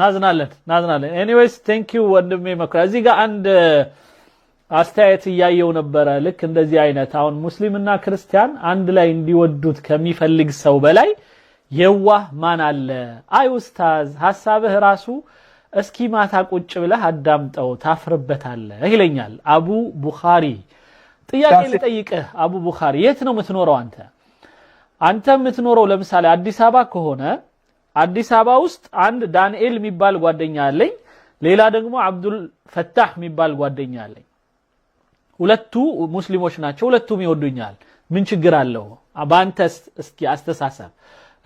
ናዝናለን ናዝናለን። ኤኒዌይስ ቴንክ ዩ ወንድሜ መኩሪያ። እዚህ ጋር አንድ አስተያየት እያየው ነበረ። ልክ እንደዚህ አይነት አሁን ሙስሊምና ክርስቲያን አንድ ላይ እንዲወዱት ከሚፈልግ ሰው በላይ የዋህ ማን አለ? አይ ኡስታዝ፣ ሀሳብህ ራሱ እስኪ ማታ ቁጭ ብለህ አዳምጠው ታፍርበታለህ ይለኛል አቡ ቡኻሪ። ጥያቄ ልጠይቅህ አቡ ቡኻሪ፣ የት ነው የምትኖረው አንተ? አንተ የምትኖረው ለምሳሌ አዲስ አበባ ከሆነ አዲስ አበባ ውስጥ አንድ ዳንኤል የሚባል ጓደኛ አለኝ። ሌላ ደግሞ አብዱል ፈታህ የሚባል ጓደኛ አለኝ። ሁለቱ ሙስሊሞች ናቸው። ሁለቱም ይወዱኛል። ምን ችግር አለው? በአንተ እስኪ አስተሳሰብ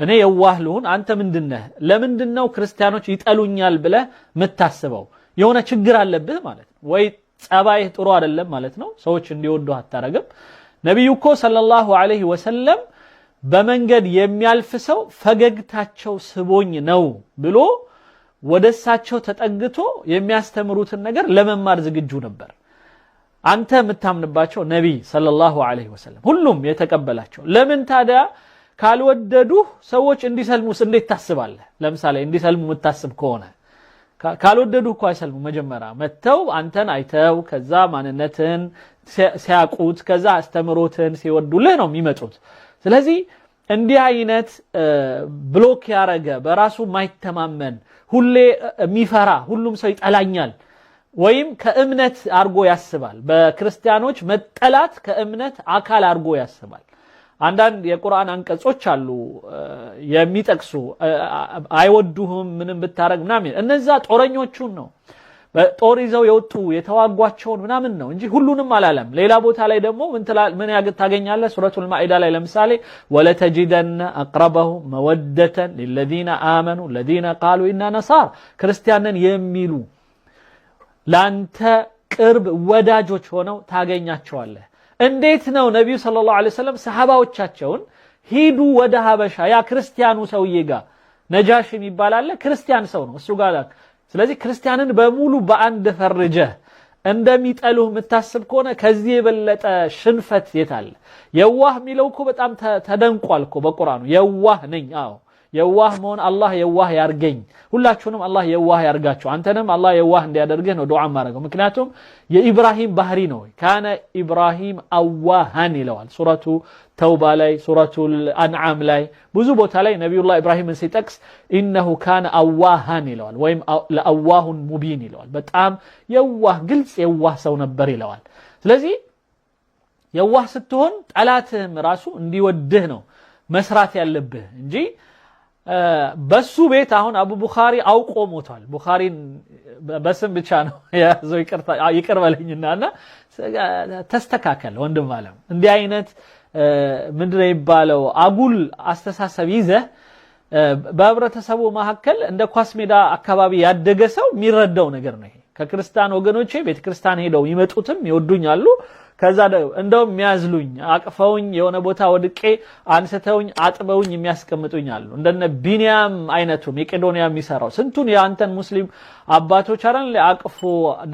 እኔ የዋህ ልሁን፣ አንተ ምንድነህ? ለምንድን ነው ክርስቲያኖች ይጠሉኛል ብለህ የምታስበው? የሆነ ችግር አለብህ ማለት ነው ወይ? ጸባይህ ጥሩ አይደለም ማለት ነው። ሰዎች እንዲወዱ አታረግም። ነቢዩ እኮ ሰለላሁ ዐለይሂ ወሰለም በመንገድ የሚያልፍ ሰው ፈገግታቸው ስቦኝ ነው ብሎ ወደ እሳቸው ተጠግቶ የሚያስተምሩትን ነገር ለመማር ዝግጁ ነበር። አንተ የምታምንባቸው ነቢይ ሰለላሁ ዐለይሂ ወሰለም ሁሉም የተቀበላቸው ለምን ታዲያ ካልወደዱ ሰዎች እንዲሰልሙስ እንዴት ታስባለህ? ለምሳሌ እንዲሰልሙ የምታስብ ከሆነ ካልወደዱ እኮ አይሰልሙ። መጀመሪያ መጥተው አንተን አይተው ከዛ ማንነትን ሲያቁት ከዛ አስተምሮትን ሲወዱልህ ነው የሚመጡት። ስለዚህ እንዲህ አይነት ብሎክ ያረገ በራሱ ማይተማመን ሁሌ የሚፈራ ሁሉም ሰው ይጠላኛል ወይም ከእምነት አርጎ ያስባል። በክርስቲያኖች መጠላት ከእምነት አካል አርጎ ያስባል። አንዳንድ የቁርአን አንቀጾች አሉ የሚጠቅሱ አይወዱህም ምንም ብታረግ ምናምን እነዛ ጦረኞቹን ነው። ጦር ይዘው የወጡ የተዋጓቸውን ምናምን ነው እንጂ ሁሉንም አላለም። ሌላ ቦታ ላይ ደግሞ ምን ታገኛለህ? ሱረቱል ማኢዳ ላይ ለምሳሌ ወለተጂደነ አቅረበሁ መወደተን ሊለዚነ አመኑ ለዚነ ቃሉ ኢና ነሳር ክርስቲያንን የሚሉ ለአንተ ቅርብ ወዳጆች ሆነው ታገኛቸዋለህ። እንዴት ነው ነቢዩ ሰለላሁ ዐለይሂ ወሰለም ሰሐባዎቻቸውን ሂዱ ወደ ሀበሻ ያ ክርስቲያኑ ሰውዬ ጋር ነጃሽ የሚባል አለ ክርስቲያን ሰው ነው እሱ ጋር ስለዚህ ክርስቲያንን በሙሉ በአንድ ፈርጀህ እንደሚጠሉህ የምታስብ ከሆነ ከዚህ የበለጠ ሽንፈት የት አለ? የዋህ የሚለው እኮ በጣም ተደንቋል እኮ በቁርአኑ። የዋህ ነኝ አዎ የዋህ መሆን አላህ የዋህ ያርገኝ። ሁላችሁንም አላህ የዋህ ያርጋችሁ። አንተንም አላህ የዋህ እንዲያደርግህ ነው ዱዓ ማድረገው። ምክንያቱም የኢብራሂም ባህሪ ነው። ካነ ኢብራሂም አዋሃን ይለዋል ሱረቱ ተውባ ላይ ሱረቱ አንዓም ላይ ብዙ ቦታ ላይ ነቢዩላህ ኢብራሂምን ሲጠቅስ ኢነሁ ካነ አዋሃን ይለዋል፣ ወይም ለአዋሁን ሙቢን ይለዋል። በጣም የዋህ ግልጽ የዋህ ሰው ነበር ይለዋል። ስለዚህ የዋህ ስትሆን ጠላትህም ራሱ እንዲወድህ ነው መስራት ያለብህ እንጂ በሱ ቤት አሁን አቡ ቡኻሪ አውቆ ሞቷል። ቡኻሪን በስም ብቻ ነው የያዘው። ይቅር በለኝና እና ተስተካከል ወንድም አለም። እንዲህ አይነት ምንድን የሚባለው አጉል አስተሳሰብ ይዘህ በህብረተሰቡ መካከል እንደ ኳስ ሜዳ አካባቢ ያደገ ሰው የሚረዳው ነገር ነው። ከክርስቲያን ወገኖቼ ቤተክርስቲያን ሄደው ይመጡትም ይወዱኛሉ። ከዛ እንደውም የሚያዝሉኝ አቅፈውኝ የሆነ ቦታ ወድቄ አንስተውኝ አጥበውኝ የሚያስቀምጡኝ አሉ። እንደነ ቢንያም አይነቱ መቄዶንያ የሚሰራው ስንቱን የአንተን ሙስሊም አባቶች አረን አቅፎ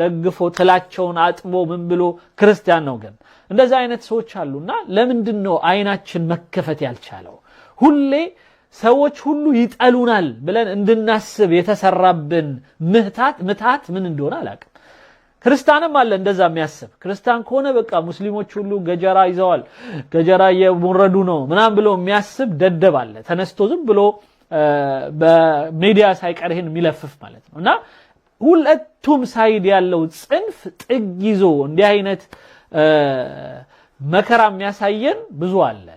ደግፎ ትላቸውን አጥቦ ምን ብሎ ክርስቲያን ነው ግን እንደዚህ አይነት ሰዎች አሉና ለምንድን ነው አይናችን መከፈት ያልቻለው ሁሌ ሰዎች ሁሉ ይጠሉናል ብለን እንድናስብ የተሰራብን ምታት ምታት ምን እንደሆነ አላውቅም። ክርስቲያንም አለ እንደዛ የሚያስብ ክርስቲያን ከሆነ በቃ ሙስሊሞች ሁሉ ገጀራ ይዘዋል፣ ገጀራ እየሞረዱ ነው ምናም ብሎ የሚያስብ ደደብ አለ። ተነስቶ ዝም ብሎ በሚዲያ ሳይቀር ይህን የሚለፍፍ ማለት ነው። እና ሁለቱም ሳይድ ያለው ጽንፍ ጥግ ይዞ እንዲህ አይነት መከራ የሚያሳየን ብዙ አለ።